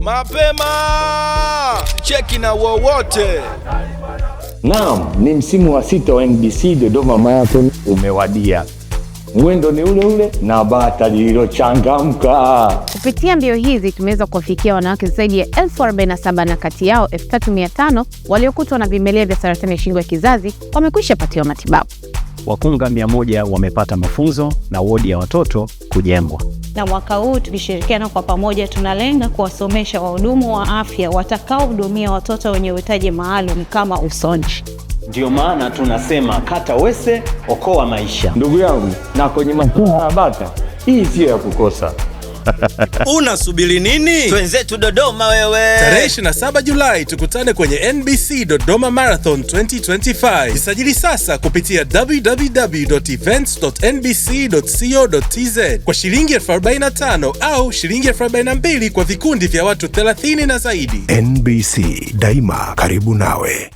mapema cheki na wowote. Naam, ni msimu wa sita wa NBC Dodoma Marathon umewadia, mwendo ni ule ule na bata lililochangamka. Kupitia mbio hizi tumeweza kuwafikia wanawake zaidi ya elfu arobaini na saba na kati yao elfu tatu mia tano waliokutwa na vimelea vya saratani ya shingo ya kizazi wamekwisha patiwa matibabu. Wakunga mia moja wamepata mafunzo na wodi ya watoto kujengwa na mwaka huu tukishirikiana kwa pamoja, tunalenga kuwasomesha wahudumu wa afya watakaohudumia watoto wenye uhitaji maalum kama usonji. Ndio maana tunasema kata wese okoa maisha. Ndugu yangu, na kwenye masuala ya bata hii siyo ya kukosa. Unasubiri nini? Twenzetu Dodoma wewe. Tarehe 27 Julai tukutane kwenye NBC Dodoma Marathon 2025. Jisajili sasa kupitia www.events.nbc.co.tz kwa shilingi 45 au shilingi 42 kwa vikundi vya watu 30 na zaidi. NBC daima karibu nawe.